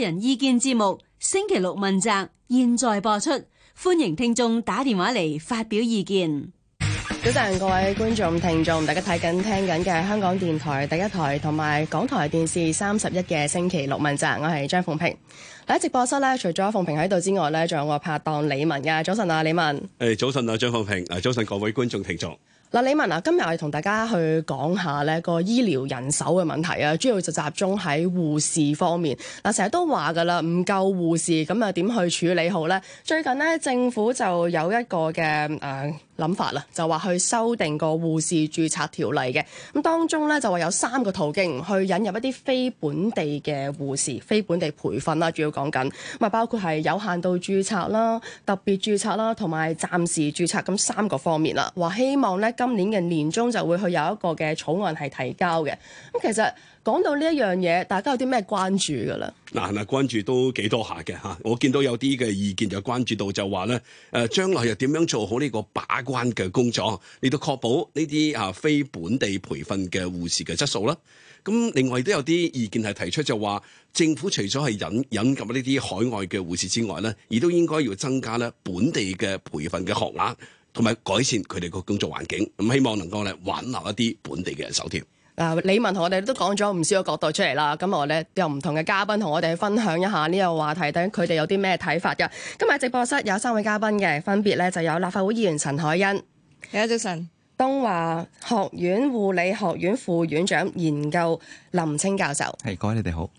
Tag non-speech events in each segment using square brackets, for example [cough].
人意見節目星期六問責，現在播出，歡迎聽眾打電話嚟發表意見。早晨各位觀眾聽眾，大家睇緊聽緊嘅香港電台第一台同埋港台電視三十一嘅星期六問責，我係張鳳萍。喺直播室咧，除咗鳳萍喺度之外咧，仲有個拍檔李文嘅。早晨啊，李文。誒，早晨啊，張鳳萍。誒，早晨各位觀眾聽眾。嗱，李文啊，今日我哋同大家去講下咧個醫療人手嘅問題啊，主要就集中喺護士方面。嗱，啊，成日都話噶啦，唔夠護士，咁啊點去處理好咧？最近咧政府就有一個嘅誒。呃諗法啦，就話去修訂個護士註冊條例嘅，咁當中咧就話有三個途徑去引入一啲非本地嘅護士、非本地培訓啦，主要講緊咁啊，包括係有限度註冊啦、特別註冊啦，同埋暫時註冊咁三個方面啦，話希望咧今年嘅年中就會去有一個嘅草案係提交嘅，咁其實。講到呢一樣嘢，大家有啲咩關注噶啦？嗱嗱，關注都幾多下嘅吓，我見到有啲嘅意見就關注到就話咧，誒，將來又點樣做好呢個把關嘅工作，嚟到確保呢啲啊非本地培訓嘅護士嘅質素啦。咁另外都有啲意見係提出就話，政府除咗係引引入呢啲海外嘅護士之外咧，亦都應該要增加咧本地嘅培訓嘅學額，同埋改善佢哋個工作環境，咁希望能夠咧挽留一啲本地嘅人手添。啊！李文同我哋都講咗唔少個角度出嚟啦，咁我咧有唔同嘅嘉賓同我哋分享一下呢個話題，睇佢哋有啲咩睇法嘅。今日直播室有三位嘉賓嘅，分別咧就有立法會議員陳凱欣，係啊早晨；東華學院護理學院副院長、研究林清教授，係各位你哋好。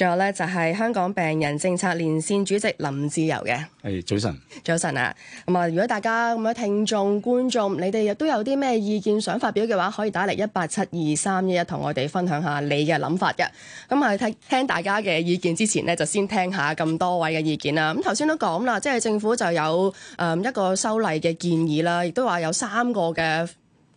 仲有咧，就係香港病人政策連線主席林志釉嘅。係早晨，早晨啊。咁啊，如果大家咁樣聽眾、觀眾，你哋亦都有啲咩意見想發表嘅話，可以打嚟一八七二三一一，同我哋分享下你嘅諗法嘅。咁啊，聽聽大家嘅意見之前呢，就先聽下咁多位嘅意見啦。咁頭先都講啦，即係政府就有誒一個修例嘅建議啦，亦都話有三個嘅。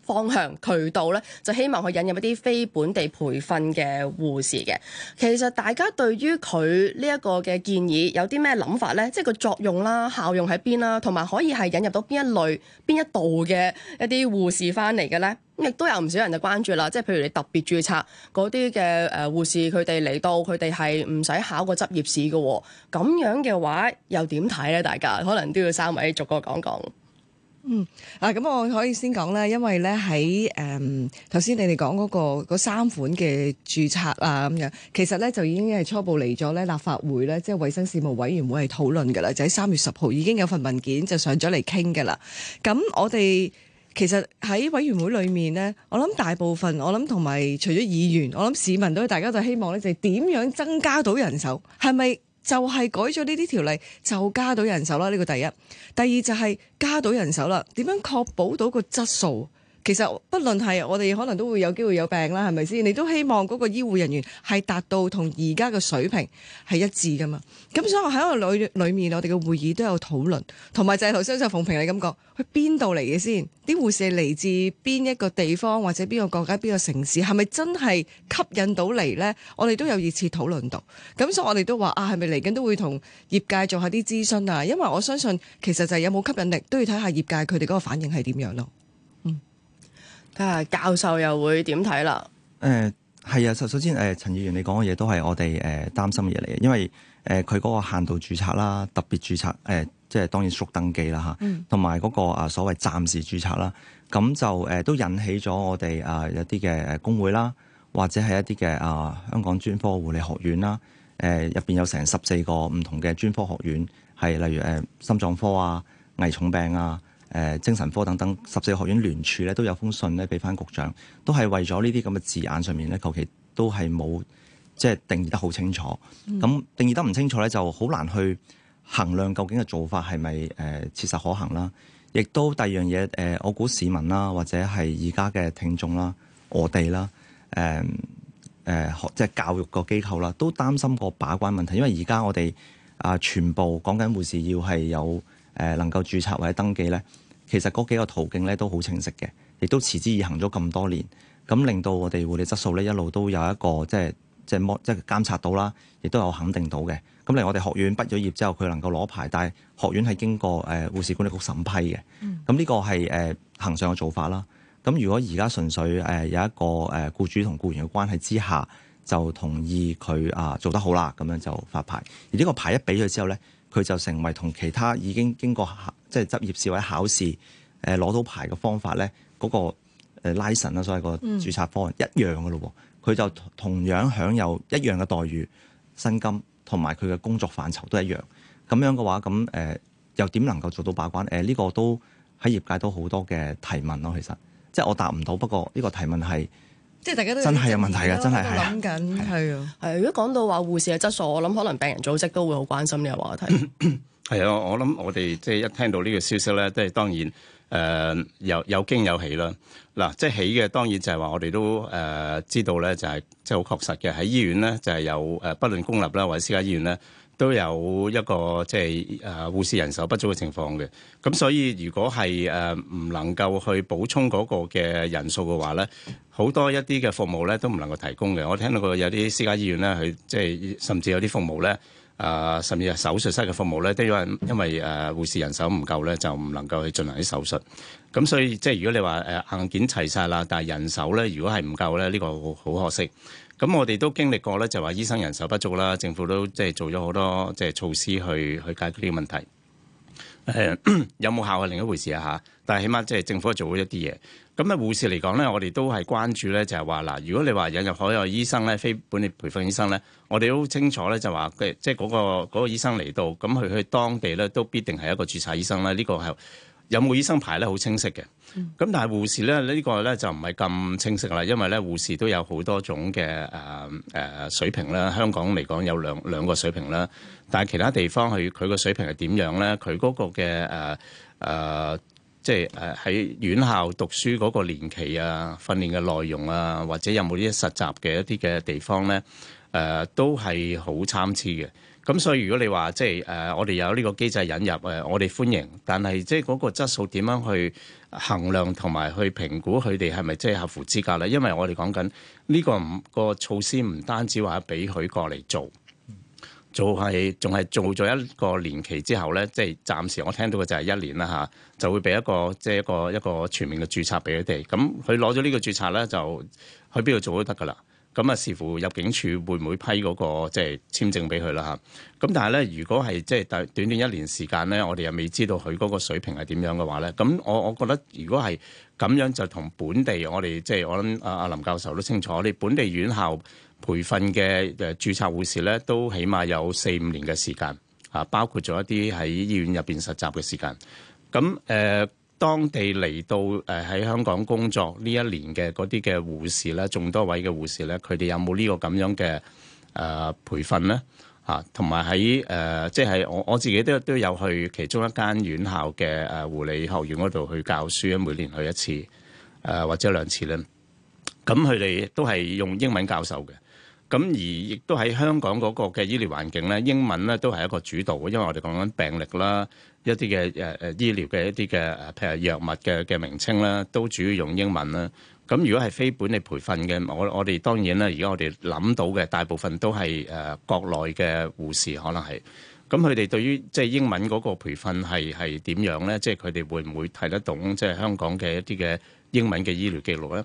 方向渠道咧，就希望去引入一啲非本地培訓嘅護士嘅。其實大家對於佢呢一個嘅建議有啲咩諗法呢？即係個作用啦、效用喺邊啦，同埋可以係引入到邊一類邊一度嘅一啲護士翻嚟嘅呢，亦都有唔少人就關注啦。即係譬如你特別註冊嗰啲嘅誒護士，佢哋嚟到佢哋係唔使考個執業試嘅。咁樣嘅話又點睇呢？大家可能都要三位逐個講講。嗯，啊咁我可以先講咧，因為咧喺誒頭先你哋講嗰個三款嘅註冊啊咁樣，其實咧就已經係初步嚟咗咧立法會咧，即係衞生事務委員會係討論嘅啦，就喺三月十號已經有份文件就上咗嚟傾嘅啦。咁我哋其實喺委員會裏面咧，我諗大部分我諗同埋除咗議員，我諗市民都大家就希望咧，就係點樣增加到人手係咪？是就係改咗呢啲條例，就加到人手啦。呢個第一，第二就係加到人手啦。點樣確保到個質素？其實，不論係我哋可能都會有機會有病啦，係咪先？你都希望嗰個醫護人員係達到同而家嘅水平係一致噶嘛？咁所以喺個裏裏面，我哋嘅會議都有討論，同埋就係頭先就馮平你感覺，去邊度嚟嘅先？啲護士嚟自邊一個地方，或者邊個國家、邊個城市，係咪真係吸引到嚟呢？我哋都有熱切討論到。咁所以我，我哋都話啊，係咪嚟緊都會同業界做下啲諮詢啊？因為我相信其實就係有冇吸引力都要睇下業界佢哋嗰個反應係點樣咯。睇下教授又會點睇啦？誒係啊，首首先誒、呃，陳議員你講嘅嘢都係我哋誒、呃、擔心嘅嘢嚟，因為誒佢嗰個限度註冊啦，特別註冊誒、呃，即係當然縮登記啦嚇，同埋嗰個啊所謂暫時註冊啦，咁就誒、呃、都引起咗我哋啊一啲嘅誒工會啦，或者係一啲嘅啊香港專科護理學院啦，誒入邊有成十四個唔同嘅專科學院，係例如誒、呃、心臟科啊、危重病啊。誒精神科等等十四個學院聯署咧，都有封信咧，俾翻局長，都係為咗呢啲咁嘅字眼上面咧，求其都係冇即係定義得好清楚。咁、嗯、定義得唔清楚咧，就好難去衡量究竟嘅做法係咪誒切實可行啦。亦都第二樣嘢誒、呃，我估市民啦，或者係而家嘅聽眾啦，我哋啦，誒、呃、誒、呃、學即係教育個機構啦，都擔心個把關問題，因為而家我哋啊、呃、全部講緊護士要係有誒、呃、能夠註冊或者登記咧。其實嗰幾個途徑咧都好清晰嘅，亦都持之以恒咗咁多年，咁令到我哋護理質素咧一路都有一個即係即係摸即係監察到啦，亦都有肯定到嘅。咁令我哋學院畢咗業之後，佢能夠攞牌，但係學院係經過誒、呃、護士管理局審批嘅。咁呢、嗯、個係誒、呃、行上嘅做法啦。咁如果而家純粹誒、呃、有一個誒僱主同僱員嘅關係之下，就同意佢啊、呃、做得好啦，咁樣就發牌。而呢個牌一俾咗之後咧，呢佢就成為同其他已經經過即係執業試委考試，誒、呃、攞到牌嘅方法咧，嗰、那個拉 l 啦，所以個註冊方案一樣嘅咯。佢就同樣享有一樣嘅待遇、薪金同埋佢嘅工作範疇都一樣。咁樣嘅話，咁、呃、誒又點能夠做到把關？誒、呃、呢、這個都喺業界都好多嘅提問咯。其實即係我答唔到，不過呢個提問係。即係大家都真係有問題啊！真係諗緊係啊係啊！如果講到話護士嘅質素，的我諗可能病人組織都會好關心呢個話題。係啊， [coughs] 我諗我哋即係一聽到呢個消息咧，即係當然誒有有驚有喜啦。嗱，即係喜嘅，當然、呃、有有當然就係話我哋都誒知道咧，就係即係好確實嘅喺醫院咧，就係有誒不論公立啦，或者私家醫院咧。都有一個即係誒、呃、護士人手不足嘅情況嘅，咁所以如果係誒唔能夠去補充嗰個嘅人數嘅話咧，好多一啲嘅服務咧都唔能夠提供嘅。我聽到過有啲私家醫院咧，佢即係甚至有啲服務咧，誒、呃、甚至係手術室嘅服務咧，都要因為誒、呃、護士人手唔夠咧，就唔能夠去進行啲手術。咁所以即係如果你話誒硬件齊晒啦，但係人手咧如果係唔夠咧，呢、這個好可惜。咁我哋都經歷過咧，就話、是、醫生人手不足啦，政府都即係做咗好多即係、就是、措施去去解決呢個問題。誒， [coughs] 有冇效係另一回事啊嚇！但係起碼即係政府做咗一啲嘢。咁啊，護士嚟講咧，我哋都係關注咧，就係話嗱，如果你話引入海外醫生咧，非本地培訓醫生咧，我哋都清楚咧，就話即係嗰個嗰、那個、醫生嚟到，咁佢去當地咧都必定係一個註冊醫生啦。呢、這個係。有冇醫生牌咧？好清晰嘅，咁但係護士咧呢個咧就唔係咁清晰啦，因為咧護士都有好多種嘅誒誒水平啦。香港嚟講有兩兩個水平啦，但係其他地方佢佢個水平係點樣咧？佢嗰個嘅誒誒，即係喺院校讀書嗰個年期啊、訓練嘅內容啊，或者有冇啲實習嘅一啲嘅地方咧？誒、呃、都係好參差嘅。咁、嗯、所以如果你話即係誒、呃，我哋有呢個機制引入誒、啊，我哋歡迎。但係即係嗰、那個質素點樣去衡量同埋去評估佢哋係咪即係合乎資格咧？因為我哋講緊呢個、這個措施唔單止話俾佢過嚟做，做係仲係做咗一個年期之後咧，即係暫時我聽到嘅就係一年啦嚇、啊，就會俾一個即係一個一個、一個全面嘅註冊俾佢哋。咁佢攞咗呢個註冊咧，就去邊度做都得噶啦。咁啊，視乎入境處會唔會批嗰個即係簽證俾佢啦嚇。咁但係咧，如果係即係短短短一年時間咧，我哋又未知道佢嗰個水平係點樣嘅話咧。咁我我覺得如果係咁樣，就同本地我哋即係，我諗阿阿林教授都清楚，我哋本地院校培訓嘅誒註冊護士咧，都起碼有四五年嘅時間啊，包括咗一啲喺醫院入邊實習嘅時間。咁誒。呃當地嚟到誒喺香港工作呢一年嘅嗰啲嘅護士咧，眾多位嘅護士咧，佢哋有冇呢個咁樣嘅誒培訓咧？嚇，同埋喺誒，即係我我自己都都有去其中一間院校嘅誒護理學院嗰度去教書啊，每年去一次誒或者兩次咧。咁佢哋都係用英文教授嘅。咁而亦都喺香港嗰個嘅醫療環境咧，英文咧都係一個主導嘅，因為我哋講緊病歷啦，一啲嘅誒誒醫療嘅一啲嘅誒譬如藥物嘅嘅名稱啦，都主要用英文啦。咁如果係非本地培訓嘅，我我哋當然啦，而家我哋諗到嘅大部分都係誒、呃、國內嘅護士，可能係，咁佢哋對於即係英文嗰個培訓係係點樣咧？即係佢哋會唔會睇得懂即係香港嘅一啲嘅英文嘅醫療記錄咧？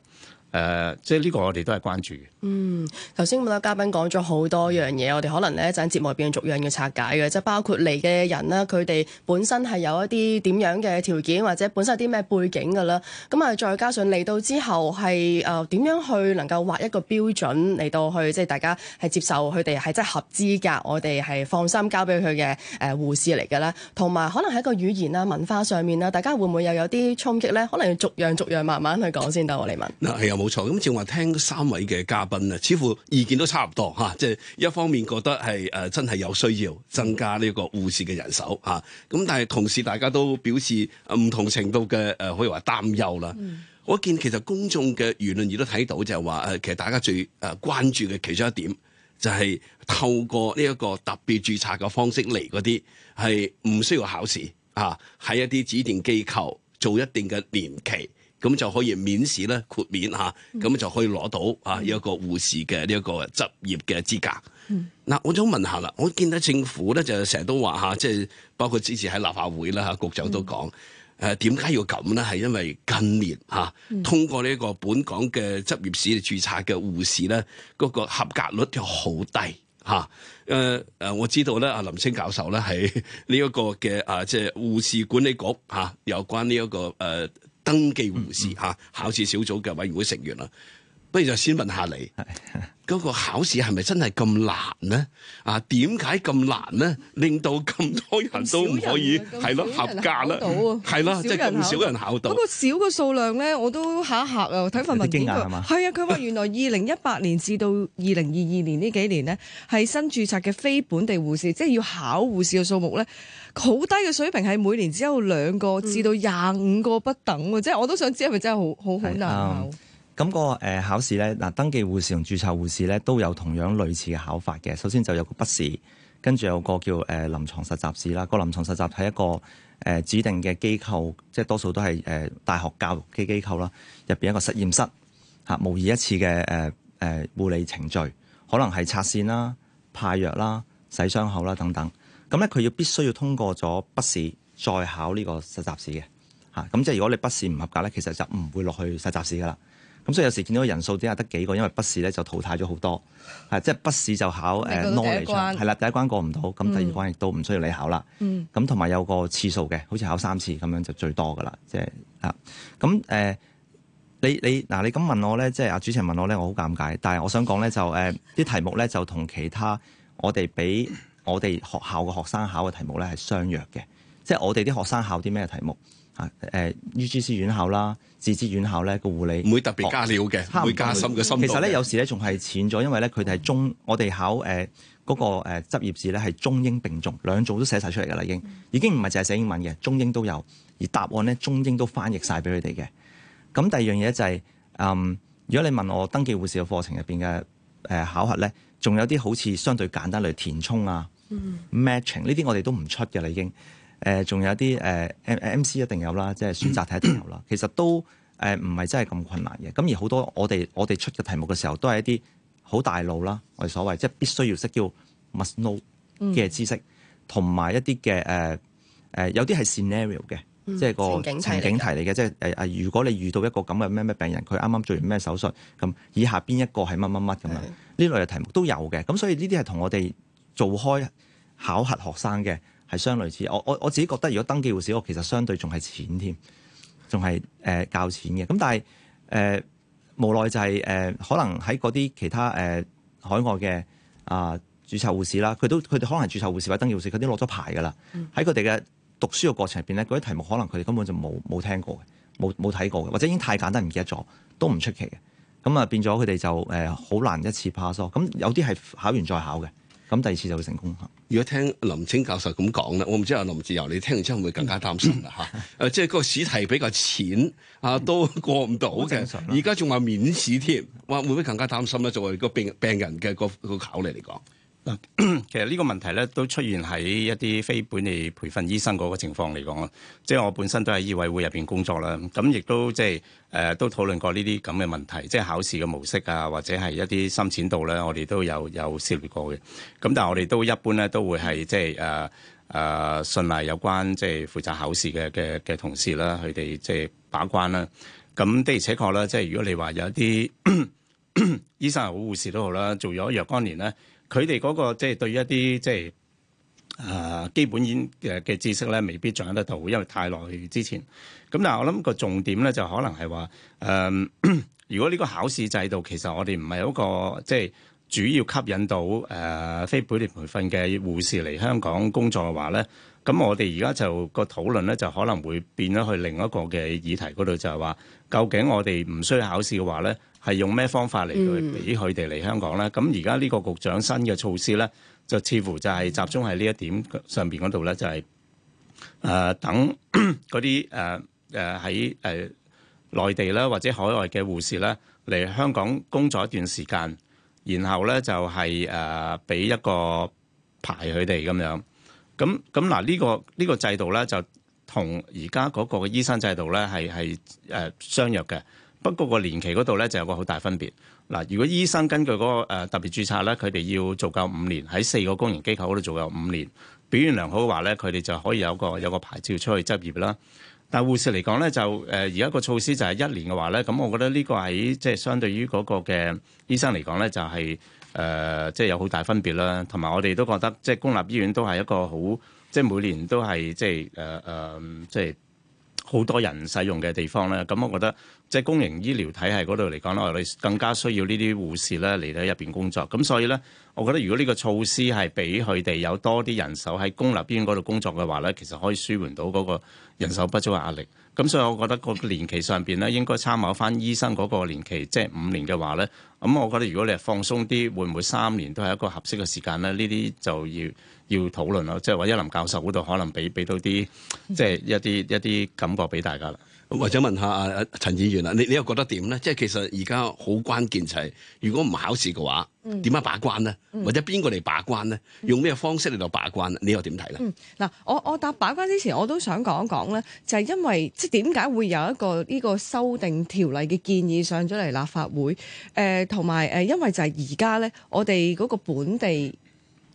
誒、呃，即係呢個我哋都係關注嘅。嗯，頭先咁多嘉賓講咗好多樣嘢，我哋可能呢一陣節目變咗逐樣要拆解嘅，即係包括嚟嘅人啦，佢哋本身係有一啲點樣嘅條件，或者本身有啲咩背景㗎啦。咁啊，再加上嚟到之後係誒點樣去能夠劃一個標準嚟到去，即係大家係接受佢哋係即係合資格，我哋係放心交俾佢嘅誒護士嚟嘅啦。同埋可能喺個語言啊、文化上面啦，大家會唔會又有啲衝擊呢？可能要逐樣逐樣慢慢去講先得我哋問。 [laughs] 冇錯，咁正話聽三位嘅嘉賓咧，似乎意見都差唔多吓，即係一方面覺得係誒真係有需要增加呢個護士嘅人手吓，咁但係同時大家都表示唔同程度嘅誒可以話擔憂啦。嗯、我見其實公眾嘅輿論亦都睇到就係話誒，其實大家最誒關注嘅其中一點就係透過呢一個特別註冊嘅方式嚟嗰啲係唔需要考試啊，喺一啲指定機構做一定嘅年期。咁就可以免試咧，豁免嚇，咁、嗯、就可以攞到啊一個護士嘅呢一個執業嘅資格。嗱、嗯，我想問下啦，我見到政府咧就成日都話嚇，即係包括之前喺立法會啦嚇，局長都講誒點解要咁咧？係因為近年嚇、啊、通過呢一個本港嘅執業試註冊嘅護士咧，嗰、那個合格率就好低嚇。誒、啊、誒、呃，我知道咧，阿林清教授咧喺呢一個嘅啊，即、就、係、是、護士管理局嚇、啊、有關呢、這、一個誒。呃登記護士吓考試小組嘅委員會成員啦，不如就先問下你。係。 [laughs] 嗰個考試係咪真係咁難呢？啊，點解咁難呢？令到咁多人都唔可以係咯合格啦，係咯，即係咁少人考到。嗰、就係、個少嘅數量呢，我都嚇一嚇啊！睇份文件，係啊，佢話原來二零一八年至到二零二二年呢幾年呢，係 [laughs] 新註冊嘅非本地護士，即係要考護士嘅數目呢，好低嘅水平，係每年只有兩個至到廿五個不等喎。嗯、即係我都想知係咪真係好好好 [laughs] 難考。 [laughs] 咁個誒考試咧，嗱，登記護士同註冊護士咧都有同樣類似嘅考法嘅。首先就有個筆試，跟住有個叫誒臨床實習試啦。個臨床實習係一個誒指定嘅機構，即係多數都係誒大學教育嘅機構啦。入邊一個實驗室嚇，模擬一次嘅誒誒護理程序，可能係拆線啦、派藥啦、洗傷口啦等等。咁咧，佢要必須要通過咗筆試，再考呢個實習試嘅嚇。咁即係如果你筆試唔合格咧，其實就唔會落去實習試噶啦。咁所以有時見到個人數啲下得幾個，因為筆試咧就淘汰咗好多，係即係筆試就考誒 no 嚟㗎，係啦、uh，第一關過唔到，咁第二關亦都唔需要你考啦。咁同埋有個次數嘅，好似考三次咁樣就最多噶啦、就是啊啊，即係啊，咁誒你你嗱你咁問我咧，即係阿主席問我咧，我好尷尬，但係我想講咧就誒啲、啊、題目咧就同其他我哋俾我哋學校嘅學生考嘅題目咧係相若嘅，即係我哋啲學生考啲咩題目啊？誒、啊、UGC 院校啦。啊自資院校咧個護理唔會特別加料嘅，唔會加深嘅心。其實咧有時咧仲係淺咗，因為咧佢哋係中，嗯、我哋考誒嗰、呃那個誒、呃、執業試咧係中英並重，兩組都寫晒出嚟㗎啦，已經已經唔係淨係寫英文嘅，中英都有，而答案咧中英都翻譯晒俾佢哋嘅。咁第二樣嘢就係、是，嗯，如果你問我登記護士嘅課程入邊嘅誒考核咧，仲有啲好似相對簡單嚟填充啊、嗯、，matching 呢啲我哋都唔出㗎啦，已經。誒，仲、呃、有啲誒、呃、M M C 一定有啦，即係選擇題一定有啦。 [coughs] 其實都誒唔係真係咁困難嘅。咁而好多我哋我哋出嘅題目嘅時候，都係一啲好大路啦。我哋所謂即係必須要識叫 must know 嘅知識，同埋一啲嘅誒誒，有啲係 scenario 嘅，嗯、即係個情景題嚟嘅、嗯景。即係誒誒，如果你遇到一個咁嘅咩咩病人，佢啱啱做完咩手術，咁以下邊一個係乜乜乜咁樣？呢、嗯、類嘅題，題目都有嘅。咁所以呢啲係同我哋做開考核學生嘅。係相類似，我我我自己覺得，如果登記護士，我其實相對仲係淺添，仲係誒較淺嘅。咁但係誒、呃、無奈就係、是、誒、呃、可能喺嗰啲其他誒、呃、海外嘅啊、呃、註冊護士啦，佢都佢哋可能係註冊護士或者登記護士，佢都攞咗牌㗎喇。喺佢哋嘅讀書嘅過程入邊咧，嗰啲題目可能佢哋根本就冇冇聽過嘅，冇冇睇過嘅，或者已經太簡單唔記得咗，都唔出奇嘅。咁啊變咗佢哋就誒好、呃、難一次 pass 咗。咁有啲係考完再考嘅。咁第二次就會成功嚇。如果聽林清教授咁講咧，我唔知阿林志釉你聽完之後會唔會更加擔心啦嚇。誒、 [laughs] 啊，即係個試題比較淺，啊都過唔到嘅。而家仲話免試添，話、啊、會唔會更加擔心咧？作為個病病人嘅個個考慮嚟講。嗱，其實呢個問題咧都出現喺一啲非本地培訓醫生嗰個情況嚟講咯，即係我本身都喺醫委會入邊工作啦，咁亦、就是呃、都即係誒都討論過呢啲咁嘅問題，即係考試嘅模式啊，或者係一啲深淺度咧，我哋都有有涉獵過嘅。咁但係我哋都一般咧，都會係即係誒誒信賴有關即係負責考試嘅嘅嘅同事啦，佢哋即係把關啦。咁的而且確啦，即係如果你話有一啲 [coughs] 醫生又好，護士都好啦，做咗若干年咧。佢哋嗰個即係、就是、對一啲即係誒基本醫嘅知識咧，未必掌握得到，因為太耐之前。咁但係我諗個重點咧，就可能係話，誒、呃，如果呢個考試制度其實我哋唔係一個即係、就是、主要吸引到誒、呃、非本地培訓嘅護士嚟香港工作嘅話咧，咁我哋而家就、那個討論咧，就可能會變咗去另一個嘅議題嗰度，就係、是、話究竟我哋唔需要考試嘅話咧？係用咩方法嚟去俾佢哋嚟香港咧？咁而家呢個局長新嘅措施咧，就似乎就係集中喺呢一點上邊嗰度咧，就係、是、誒、呃、等嗰啲誒誒喺誒內地啦或者海外嘅護士咧嚟香港工作一段時間，然後咧就係誒俾一個牌佢哋咁樣。咁咁嗱呢個呢、呢個制度咧就同而家嗰個醫生制度咧係係誒相若嘅。不過個年期嗰度咧就有個好大分別。嗱，如果醫生根據嗰個誒特別註冊咧，佢哋要做夠五年，喺四個公營機構嗰度做夠五年，表現良好嘅話咧，佢哋就可以有個有個牌照出去執業啦。但護士嚟講咧，就誒而家個措施就係一年嘅話咧，咁我覺得呢個喺即係相對於嗰個嘅醫生嚟講咧，就係誒即係有好大分別啦。同埋我哋都覺得即係、就是、公立醫院都係一個好即係每年都係即係誒誒即係好多人使用嘅地方啦。咁我覺得。即係公營醫療體系嗰度嚟講咧，我哋更加需要呢啲護士咧嚟到入邊工作。咁所以咧，我覺得如果呢個措施係俾佢哋有多啲人手喺公立醫院嗰度工作嘅話咧，其實可以舒緩到嗰個人手不足嘅壓力。咁所以，我覺得個年期上邊咧，應該參考翻醫生嗰個年期，即係五年嘅話咧。咁我覺得如果你係放鬆啲，會唔會三年都係一個合適嘅時間咧？呢啲就要要討論咯。即係話，一林教授嗰度可能俾俾到啲，即係一啲一啲感覺俾大家啦。或者問下阿、啊、陳議員啊，你你又覺得點咧？即係其實而家好關鍵就係，如果唔考試嘅話，點樣把關咧？或者邊個嚟把關咧？用咩方式嚟到把關咧？你又點睇咧？嗯，嗱，我我答把關之前，我都想講一講咧，就係、是、因為即係點解會有一個呢個修訂條例嘅建議上咗嚟立法會？誒、呃，同埋誒，因為就係而家咧，我哋嗰個本地。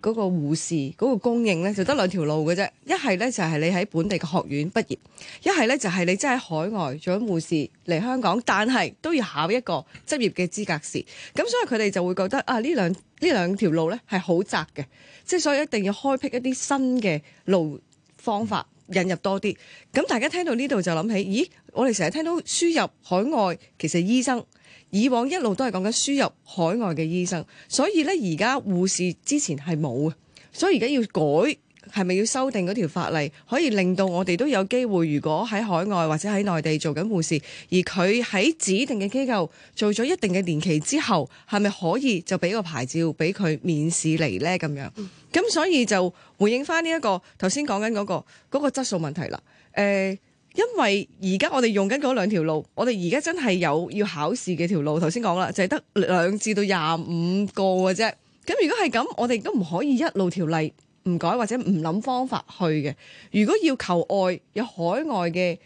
嗰個護士，嗰個供應呢，就得兩條路嘅啫。一係呢，就係你喺本地嘅學院畢業，一係呢，就係你真係喺海外做緊護士嚟香港，但係都要考一個執業嘅資格試。咁所以佢哋就會覺得啊，呢兩呢兩條路呢係好窄嘅，即係所以一定要開闢一啲新嘅路方法，引入多啲。咁大家聽到呢度就諗起，咦？我哋成日聽到輸入海外其實醫生。以往一路都係講緊輸入海外嘅醫生，所以咧而家護士之前係冇啊，所以而家要改，係咪要修訂嗰條法例，可以令到我哋都有機會？如果喺海外或者喺內地做緊護士，而佢喺指定嘅機構做咗一定嘅年期之後，係咪可以就俾個牌照俾佢面試嚟呢？咁樣，咁、嗯、所以就回應翻呢一個頭先講緊嗰個嗰個質素問題啦，誒、呃。因為而家我哋用緊嗰兩條路，我哋而家真係有要考試嘅條路。頭先講啦，就係得兩至到廿五個嘅啫。咁如果係咁，我哋都唔可以一路條例唔改或者唔諗方法去嘅。如果要求外有海外嘅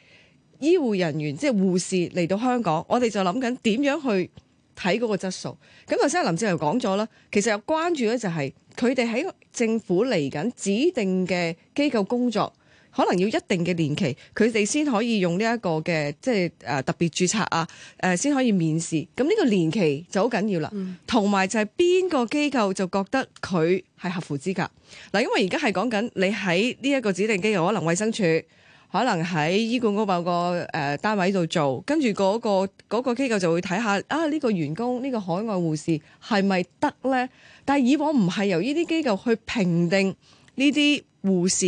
醫護人員，即係護士嚟到香港，我哋就諗緊點樣去睇嗰個質素。咁頭先林志釉講咗啦，其實有關注咧，就係佢哋喺政府嚟緊指定嘅機構工作。可能要一定嘅年期，佢哋先可以用呢一個嘅即係誒、呃、特別注冊啊，誒、呃、先可以面試，咁呢個年期就好緊要啦，同埋、嗯、就係邊個機構就覺得佢係合乎資格嗱、呃。因為而家係講緊你喺呢一個指定機構，可能衛生署可能喺醫管局某個誒單位度做，跟住嗰個嗰、嗰個機構就會睇下啊呢、呢個員工呢、呢個海外護士係咪得咧？但係以往唔係由呢啲機構去評定。呢啲護士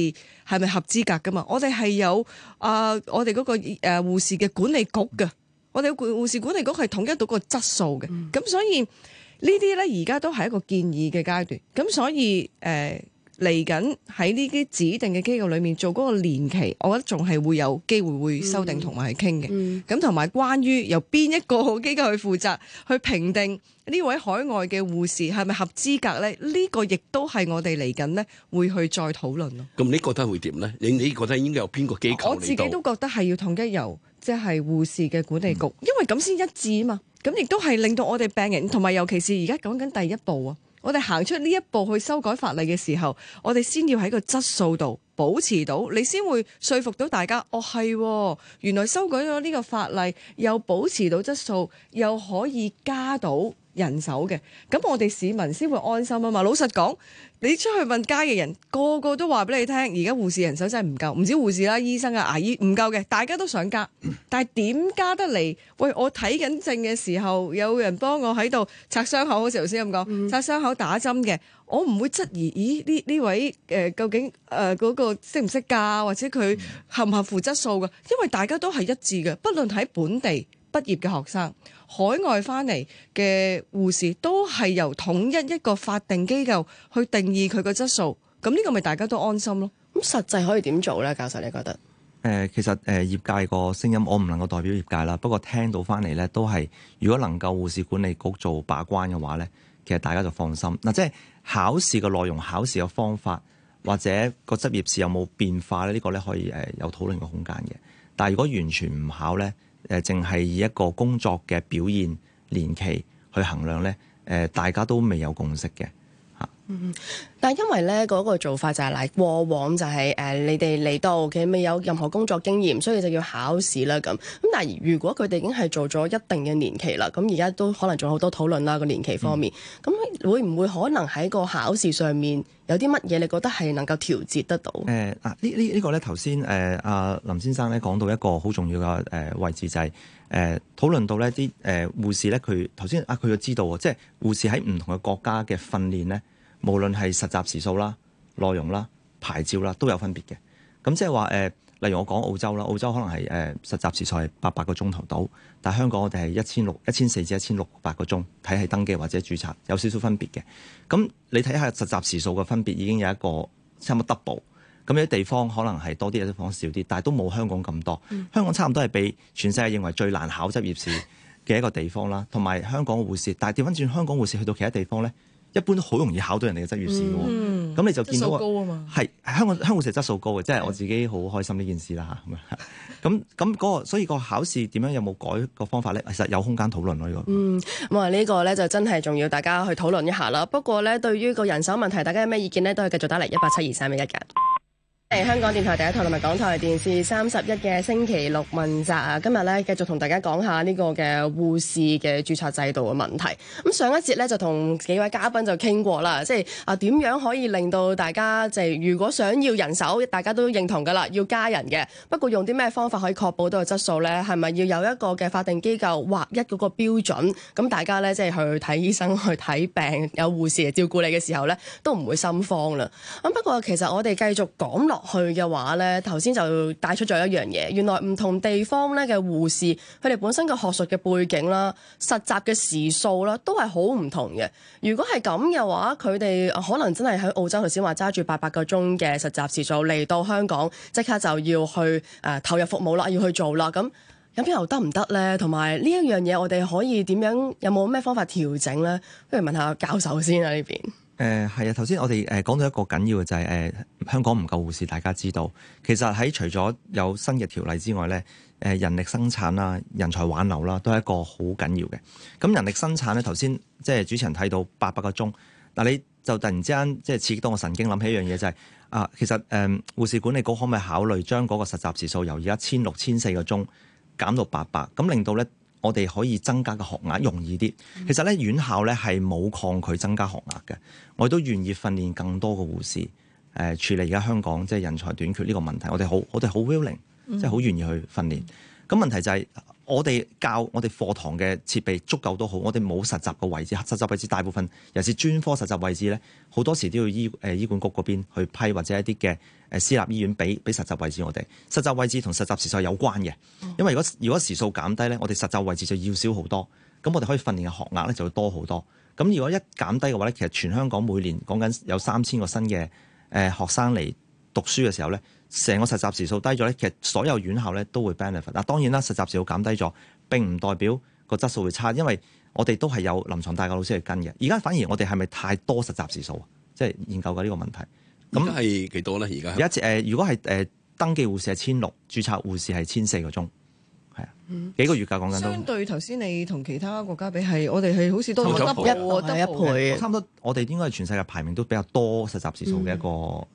係咪合資格噶嘛？我哋係有啊、呃，我哋嗰、嗰個誒、呃、護士嘅管理局嘅，我哋護士管理局係統一到個質素嘅，咁、嗯、所以呢啲咧而家都係一個建議嘅階段，咁所以誒。呃嚟緊喺呢啲指定嘅機構裏面做嗰個年期，我覺得仲係會有機會會修訂同埋係傾嘅。咁同埋關於由邊一個好機構去負責去評定呢位海外嘅護士係咪合資格呢？呢、呢個亦都係我哋嚟緊呢會去再討論咯。咁你覺得會點呢？你你覺得應該由邊個機構？我自己都覺得係要統一由即係護士嘅管理局，嗯、因為咁先一致啊嘛。咁亦都係令到我哋病人同埋尤其是而家講緊第一步啊。我哋行出呢一步去修改法例嘅時候，我哋先要喺個質素度保持到，你先會說服到大家。哦，係，原來修改咗呢個法例，又保持到質素，又可以加到。人手嘅，咁我哋市民先會安心啊嘛！老實講，你出去問街嘅人，個個都話俾你聽，而家護士人手真係唔夠，唔止護士啦，醫生啊、牙醫唔夠嘅，大家都想加，但係點加得嚟？喂，我睇緊症嘅時候，有人幫我喺度拆傷口好似頭先咁講，拆傷口打針嘅，我唔會質疑，咦？呢呢位誒、呃、究竟誒嗰、呃嗰個識唔識加，或者佢合唔合乎質素㗎？因為大家都係一致嘅，不論喺本地。畢業嘅學生，海外翻嚟嘅護士都係由統一一個法定機構去定義佢個質素，咁呢個咪大家都安心咯。咁實際可以點做呢？教授你覺得？誒、呃，其實誒、呃、業界個聲音，我唔能夠代表業界啦。不過聽到翻嚟呢，都係如果能夠護士管理局做把關嘅話呢，其實大家就放心。嗱，即係考試嘅內容、考試嘅方法或者個執業試有冇變化呢？呢、呢個呢，可以誒有討論嘅空間嘅。但係如果完全唔考呢？誒淨係以一個工作嘅表現年期去衡量咧，誒大家都未有共識嘅。嗯，但係因為咧嗰、那個做法就係、是、嗱，過往就係、是、誒、啊，你哋嚟到佢未有任何工作經驗，所以就要考試啦咁。咁但係如果佢哋已經係做咗一定嘅年期啦，咁而家都可能仲有好多討論啦個年期方面，咁、嗯、會唔會可能喺個考試上面有啲乜嘢？你覺得係能夠調節得到？誒、呃，啊，這個這個、呢呢呢個咧，頭先誒阿林先生咧講到一個好重要嘅誒、呃、位置就係、是。誒、嗯、討論到呢啲誒護士呢佢頭先啊，佢要知道喎，即、就、係、是、護士喺唔同嘅國家嘅訓練呢無論係實習時數啦、內容啦、牌照啦，都有分別嘅。咁即係話誒，例如我講澳洲啦，澳洲可能係誒、呃、實習時數係八百個鐘頭到，但係香港我哋係一千六、一千四至一千六百個鐘，睇係登記或者註冊有少少分別嘅。咁、嗯、你睇下實習時數嘅分別已經有一個差唔多 double。咁有啲地方可能係多啲，有啲地方少啲，但係都冇香港咁多。香港差唔多係俾全世界認為最難考執業試嘅一個地方啦。同埋 [laughs] 香港嘅護士，但係調翻轉，香港護士去到其他地方咧，一般都好容易考到人哋嘅執業試嘅。咁、嗯、你就見到高、啊嘛、係、香港香港護士嘅質素高嘅，即、就、係、是、我自己好開心呢件事啦。吓咁咁嗰個，所以個考試點樣有冇改個方法咧？其實有空間討論咯呢個。嗯，咁啊、嗯、呢個咧就真係仲要大家去討論一下啦。不過咧對於個人手問題，大家有咩意見咧，都係繼續打嚟一八七二三一一嘅。誒，hey, 香港電臺第一台同埋港台電視三十一嘅星期六問責啊，今日咧繼續同大家講下呢個嘅護士嘅註冊制度嘅問題。咁、嗯、上一節咧就同幾位嘉賓就傾過啦，即係啊，點樣可以令到大家即係、就是、如果想要人手，大家都認同噶啦，要加人嘅。不過用啲咩方法可以確保到個質素咧？係咪要有一個嘅法定機構劃一嗰個標準？咁、嗯、大家咧即係去睇醫生、去睇病、有護士嚟照顧你嘅時候咧，都唔會心慌啦。咁、嗯、不過其實我哋繼續講落。去嘅話呢，頭先就帶出咗一樣嘢，原來唔同地方咧嘅護士，佢哋本身嘅學術嘅背景啦、實習嘅時數啦，都係好唔同嘅。如果係咁嘅話，佢哋可能真係喺澳洲佢先頭先話揸住八百個鐘嘅實習時數嚟到香港，即刻就要去誒、呃、投入服務啦，要去做啦。咁有邊度得唔得呢？同埋呢一樣嘢，我哋可以點樣？有冇咩方法調整呢？不如問，問下教授先啦、啊，呢邊。誒係啊，頭先、呃、我哋誒講到一個緊要嘅就係、是、誒、呃、香港唔夠護士，大家知道其實喺除咗有新嘅條例之外咧，誒、呃、人力生產啦、人才挽留啦，都係一個好緊要嘅。咁人力生產咧，頭先即係主持人睇到八百個鐘，但你就突然之間即係刺激到我神經，諗起一樣嘢就係、是、啊，其實誒、呃、護士管理局可唔可以考慮將嗰個實習時數由而家千六千四個鐘減到八百，咁令到咧，我哋可以增加嘅學額容易啲，其實咧，院校咧，係冇抗拒增加學額嘅，我亦都願意訓練更多嘅護士，誒、呃、處理而家香港即係人才短缺呢個問題，我哋好我哋好 willing，即係好願意去訓練。咁問題就係、是。我哋教我哋課堂嘅設備足夠都好，我哋冇實習嘅位置，實習位置大部分尤其是專科實習位置咧，好多時都要醫誒、呃、醫管局嗰邊去批，或者一啲嘅誒私立醫院俾俾實習位置我哋。實習位置同實習時數有關嘅，因為如果如果時數減低咧，我哋實習位置就要少好多。咁我哋可以訓練嘅學額咧就會多好多。咁如果一減低嘅話咧，其實全香港每年講緊有三千個新嘅誒學生嚟讀書嘅時候咧。成個實習時數低咗咧，其實所有院校咧都會 benefit。嗱，當然啦，實習時數減低咗，並唔代表個質素會差，因為我哋都係有臨床大教老師去跟嘅。而家反而我哋係咪太多實習時數啊？即係研究緊呢個問題。咁係幾多咧？而家有隻誒，如果係誒、呃、登記護士係千六，註冊護士係千四個鐘。幾個月噶講緊，相對頭先你同其他國家比，係我哋係好似多咗一倍，多一倍，差唔多。我哋應該係全世界排名都比較多實習時數嘅一個，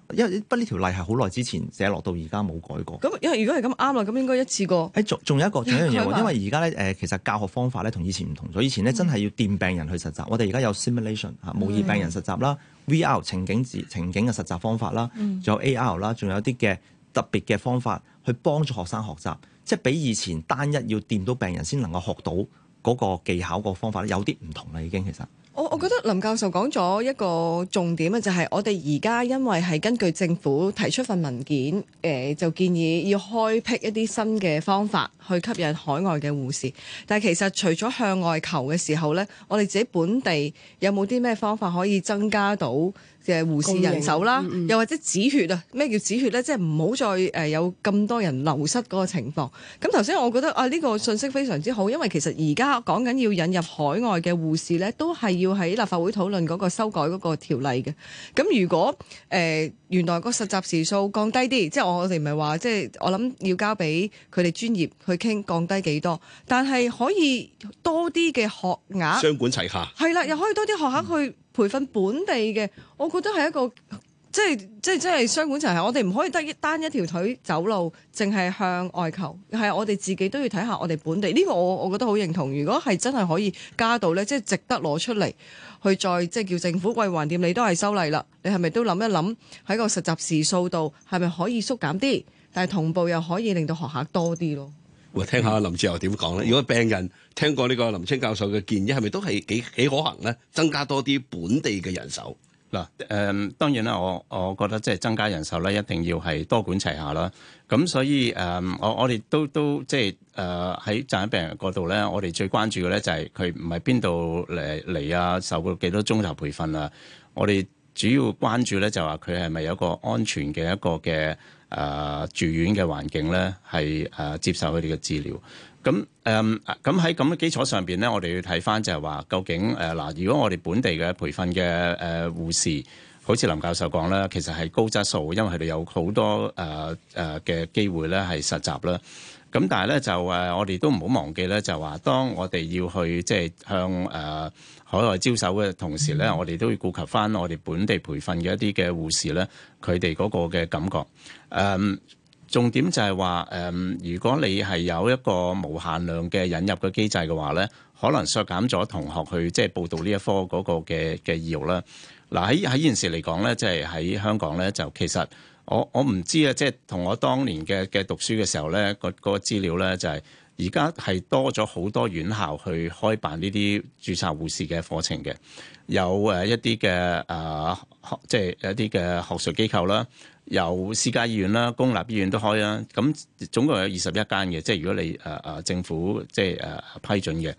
嗯、因為不過呢條例係好耐之前寫落到而家冇改過。咁因為如果係咁啱啦，咁應該一次過。誒，仲仲有一個仲有一樣嘢，其他 因為而家咧誒，其實教學方法咧同以前唔同咗。以前咧真係要掂病人去實習，嗯、我哋而家有 simulation 吓模擬病人實習啦、嗯、，VR 情景字情景嘅實習方法啦，仲、嗯、有 AR 啦，仲有啲嘅特別嘅方法去幫助學生學習。即係比以前單一要掂到病人先能夠學到嗰個技巧，嗰個方法咧，有啲唔同啦。已經其實我我覺得林教授講咗一個重點啊，就係我哋而家因為係根據政府提出份文件，誒就建議要開闢一啲新嘅方法去吸引海外嘅護士，但係其實除咗向外求嘅時候呢，我哋自己本地有冇啲咩方法可以增加到嘅護士人手啦，嗯嗯、又或者止血啊？咩叫止血咧？即係唔好再誒有咁多人流失嗰個情況。咁頭先我覺得啊，呢、呢個信息非常之好，因為其實而家講緊要引入海外嘅護士咧，都係要喺立法會討論嗰個修改嗰個條例嘅。咁如果誒、呃、原來嗰實習時數降低啲，即、就、係、是、我哋唔係話即係我諗要交俾佢哋專業去傾降低幾多，但係可以多啲嘅學額，雙管齊下，係啦，又可以多啲學校去。嗯培訓本地嘅，我覺得係一個即係即係即係雙管齊下。我哋唔可以得一單一條腿走路，淨係向外求。係我哋自己都要睇下我哋本地呢個。我我覺得好認同。如果係真係可以加到呢即係值得攞出嚟去再即係叫政府貴橫掂，你是是都係修例啦。你係咪都諗一諗喺個實習時數度係咪可以縮減啲，但係同步又可以令到學校多啲咯。我聽下林志釉點講咧。如果病人聽過呢個林清教授嘅建議，係咪都係幾幾可行咧？增加多啲本地嘅人手。嗱，誒，當然啦，我我覺得即係增加人手咧，一定要係多管齊下啦。咁所以誒、嗯，我我哋都都即係誒喺站喺病人角度咧，我哋最關注嘅咧就係佢唔係邊度嚟嚟啊，受過幾多鐘頭培訓啊。我哋主要關注咧就話佢係咪有一個安全嘅一個嘅。誒住院嘅環境咧，係誒接受佢哋嘅治療。咁誒，咁喺咁嘅基礎上邊咧，我哋要睇返就係話，究竟誒嗱、呃，如果我哋本地嘅培訓嘅誒、呃、護士，好似林教授講啦，其實係高質素，因為佢哋有好多誒誒嘅機會咧，係實習啦。呃咁但係咧就誒，我哋都唔好忘記咧，就話當我哋要去即係向誒海外招手嘅同時咧，嗯、我哋都要顧及返我哋本地培訓嘅一啲嘅護士咧，佢哋嗰個嘅感覺。誒、嗯、重點就係話誒，如果你係有一個無限量嘅引入嘅機制嘅話咧，可能削減咗同學去即係報讀呢一科嗰個嘅嘅意欲啦。嗱喺喺現時嚟講咧，即係喺香港咧就其實。我我唔知啊，即係同我當年嘅嘅讀書嘅時候咧，個個資料咧就係而家係多咗好多院校去開辦呢啲註冊護士嘅課程嘅，有誒一啲嘅誒學，即係一啲嘅學術機構啦。有私家醫院啦、公立醫院都可以啦，咁總共有二十一間嘅，即係如果你誒誒、呃、政府即係誒、呃、批准嘅，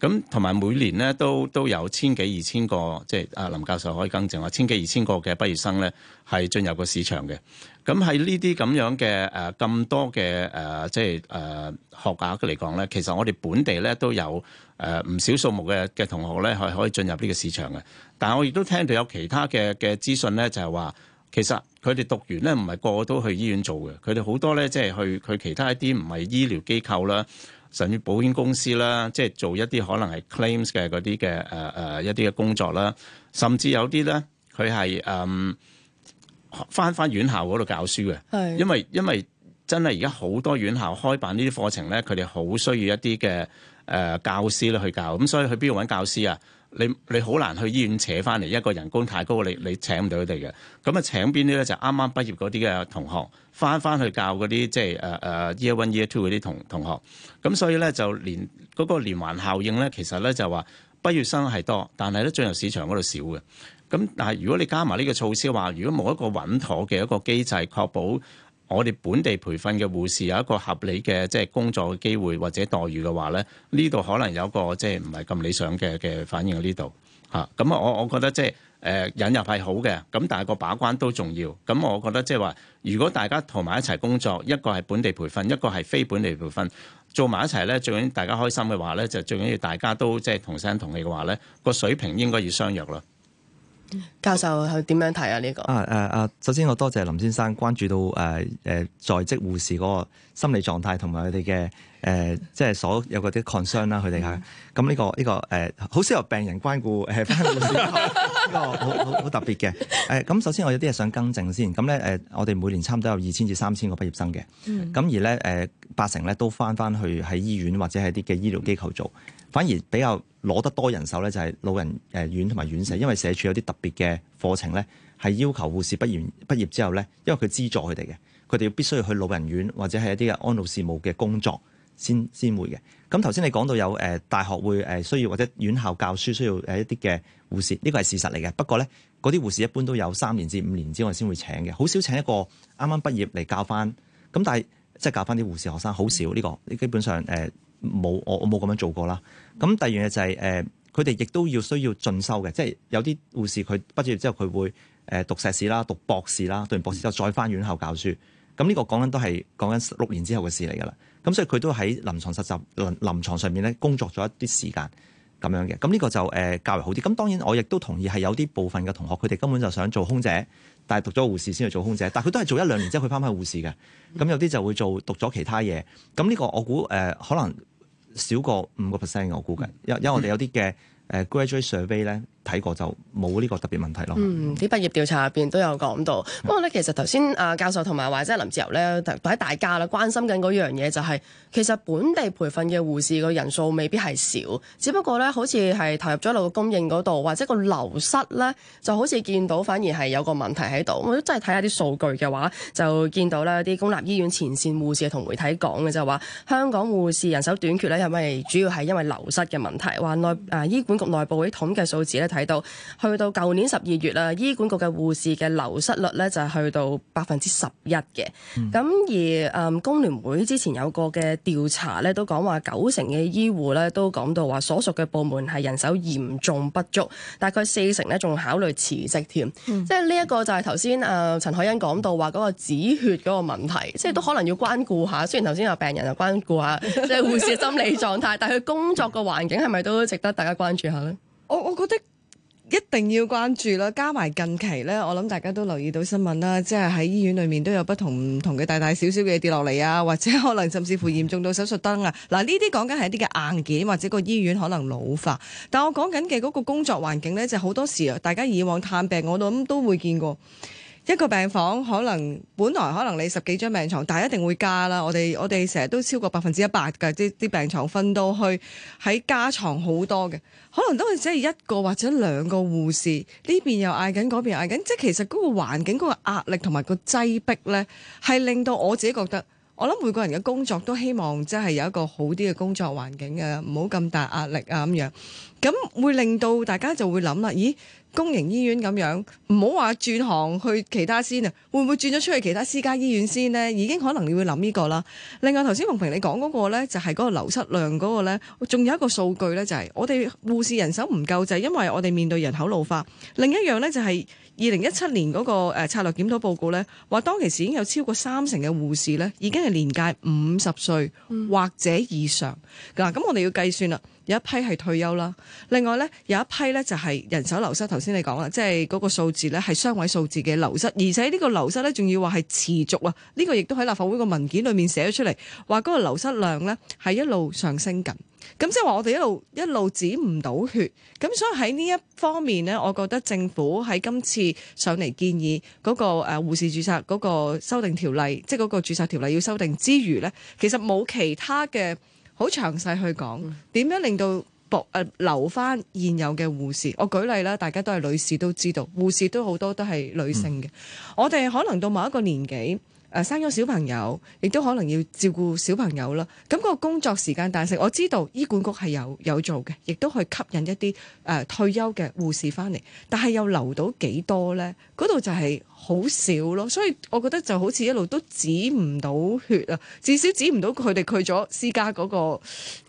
咁同埋每年咧都都有千幾二千個，即係阿林教授可以更正話千幾二千個嘅畢業生咧係進入個市場嘅。咁喺呢啲咁樣嘅誒咁多嘅誒、呃，即係誒、呃、學額嚟講咧，其實我哋本地咧都有誒唔少數目嘅嘅同學咧係可以進入呢個市場嘅。但我亦都聽到有其他嘅嘅資訊咧，就係話其實。佢哋讀完咧，唔係個個都去醫院做嘅，佢哋好多咧，即係去去其他一啲唔係醫療機構啦，甚至保險公司啦，即係做一啲可能係 claims 嘅嗰啲嘅誒誒、呃呃、一啲嘅工作啦，甚至有啲咧佢係誒返返院校嗰度教書嘅是，因為因為真係而家好多院校開辦呢啲課程咧，佢哋好需要一啲嘅誒教師咧去教，咁所以去邊度揾教師啊？你你好難去醫院扯返嚟，一個人工太高，你你請唔到佢哋嘅。咁啊請邊啲咧？就啱啱畢業嗰啲嘅同學，返返去教嗰啲即係誒誒 year one year two 嗰啲同同學。咁所以咧就連嗰個連環效應咧，其實咧就話畢業生係多，但係咧進入市場嗰度少嘅。咁但係如果你加埋呢個措施嘅話，如果冇一個穩妥嘅一個機制確保。我哋本地培訓嘅護士有一個合理嘅即係工作機會或者待遇嘅話咧，呢度可能有個即係唔係咁理想嘅嘅反應喺呢度嚇。咁、啊、我我覺得即係誒引入係好嘅，咁但係個把關都重要。咁我覺得即係話，如果大家同埋一齊工作，一個係本地培訓，一個係非本地培訓，做埋一齊咧，最緊大家開心嘅話咧，就最緊要大家都即係同聲同氣嘅話咧，個水平應該要相若咯。教授係點樣睇啊？呢個啊誒誒，首先我多謝林先生關注到誒誒，在職護士嗰個心理狀態同埋佢哋嘅。誒、呃，即係所有 concern，嗯這個啲抗商啦，佢哋係，咁呢個呢個誒，好少有病人關顧誒，翻、呃、護士，呢個好好特別嘅。誒、呃，咁首先我有啲嘢想更正先。咁咧誒，我哋每年差唔多有二千至三千個畢業生嘅，咁、嗯、而咧誒、呃，八成咧都翻翻去喺醫院或者係啲嘅醫療機構做，反而比較攞得多人手咧，就係老人誒院同埋院舍。因為社署有啲特別嘅課程咧，係要求護士畢業畢業之後咧，因為佢資助佢哋嘅，佢哋要必須要去老人院或者係一啲嘅安老事務嘅工作。先先會嘅咁。頭先你講到有誒、呃、大學會誒、呃、需要或者院校教書需要誒一啲嘅護士，呢個係事實嚟嘅。不過咧，嗰啲護士一般都有三年至五年之後先會請嘅，好少請一個啱啱畢業嚟教翻咁。但係即係教翻啲護士學生好少呢、呢個。基本上誒冇、呃、我我冇咁樣做過啦。咁第二樣嘢就係誒佢哋亦都要需要進修嘅，即、就、係、係、有啲護士佢畢業之後佢會誒讀碩士啦，讀博士啦，讀完博士之後再翻院校教書。咁呢個講緊都係講緊六年之後嘅事嚟噶啦。咁所以佢都喺臨床實習臨臨床上面咧工作咗一啲時間咁樣嘅，咁、這、呢個就誒、呃、較為好啲。咁當然我亦都同意係有啲部分嘅同學佢哋根本就想做空姐，但係讀咗護士先去做空姐，但係佢都係做一兩年之後佢翻翻去護士嘅。咁有啲就會做讀咗其他嘢。咁、這、呢個我估誒、呃、可能少過五個 percent 我估計，因因為我哋有啲嘅誒 graduate survey 咧。睇過就冇呢個特別問題咯。嗯，啲畢業調查入邊都有講到。嗯、不過咧，其實頭先啊教授同埋或者林志釉咧，喺大家啦關心緊嗰樣嘢就係、是，其實本地培訓嘅護士個人數未必係少，只不過咧，好似係投入咗落個供應嗰度，或者個流失咧就好似見到反而係有個問題喺度。我都真係睇下啲數據嘅話，就見到咧啲公立醫院前線護士同媒體講嘅就係話，香港護士人手短缺咧，係咪主要係因為流失嘅問題？話內啊醫管局內部會統計數字咧。睇到去到舊年十二月啦，醫管局嘅護士嘅流失率咧就係去到百分之十一嘅。咁、嗯、而嗯工聯會之前有個嘅調查咧，都講話九成嘅醫護咧都講到話所屬嘅部門係人手嚴重不足，大概四成咧仲考慮辭職添。嗯、即係呢一個就係頭先啊陳凱欣講到話嗰個止血嗰個問題，即係都可能要關顧下。雖然頭先有病人又關顧下， [laughs] 即係護士嘅心理狀態，但係佢工作嘅環境係咪都值得大家關注下咧？我我覺得。一定要關注啦，加埋近期呢，我諗大家都留意到新聞啦，即係喺醫院裏面都有不同唔同嘅大大小小嘅跌落嚟啊，或者可能甚至乎嚴重到手術燈啊，嗱呢啲講緊係一啲嘅硬件或者個醫院可能老化，但我講緊嘅嗰個工作環境呢，就好多時大家以往探病，我諗都會見過。一個病房可能本來可能你十幾張病床，但係一定會加啦。我哋我哋成日都超過百分之一百嘅，啲啲病床分到去喺加床好多嘅，可能都係只係一個或者兩個護士，呢邊又嗌緊，嗰邊又嗌緊，即係其實嗰個環境、嗰、嗰個壓力同埋個擠迫呢，係令到我自己覺得，我諗每個人嘅工作都希望即係有一個好啲嘅工作環境嘅，唔好咁大壓力啊咁樣，咁會令到大家就會諗啦，咦？公營醫院咁樣，唔好話轉行去其他先啊，會唔會轉咗出去其他私家醫院先呢？已經可能你會諗呢個啦。另外頭先黃平你講嗰個呢，就係嗰個流失量嗰個呢，仲有一個數據呢，就係我哋護士人手唔夠，就係因為我哋面對人口老化。另一樣呢，就係二零一七年嗰個策略檢討報告呢，話當其時已經有超過三成嘅護士呢已經係年屆五十歲或者以上。嗱、嗯，咁我哋要計算啦。有一批係退休啦，另外咧有一批咧就係人手流失。頭先你講啦，即係嗰個數字咧係雙位數字嘅流失，而且呢個流失咧仲要話係持續啊！呢個亦都喺立法會個文件裏面寫咗出嚟，話嗰個流失量咧係一路上升緊。咁即係話我哋一路一路止唔到血，咁所以喺呢一方面呢，我覺得政府喺今次上嚟建議嗰個誒護士註冊嗰個修訂條例，即係嗰個註冊條例要修訂之餘呢，其實冇其他嘅。好詳細去講點樣令到僕誒、呃、留翻現有嘅護士，我舉例啦，大家都係女士都知道，護士都好多都係女性嘅，嗯、我哋可能到某一個年紀。誒、啊、生咗小朋友，亦都可能要照顧小朋友啦。咁、嗯，那個工作時間彈性，我知道醫管局係有有做嘅，亦都去吸引一啲誒、呃、退休嘅護士翻嚟，但係又留到幾多咧？嗰度就係好少咯。所以，我覺得就好似一路都止唔到血啊！至少止唔到佢哋去咗私家嗰、那個、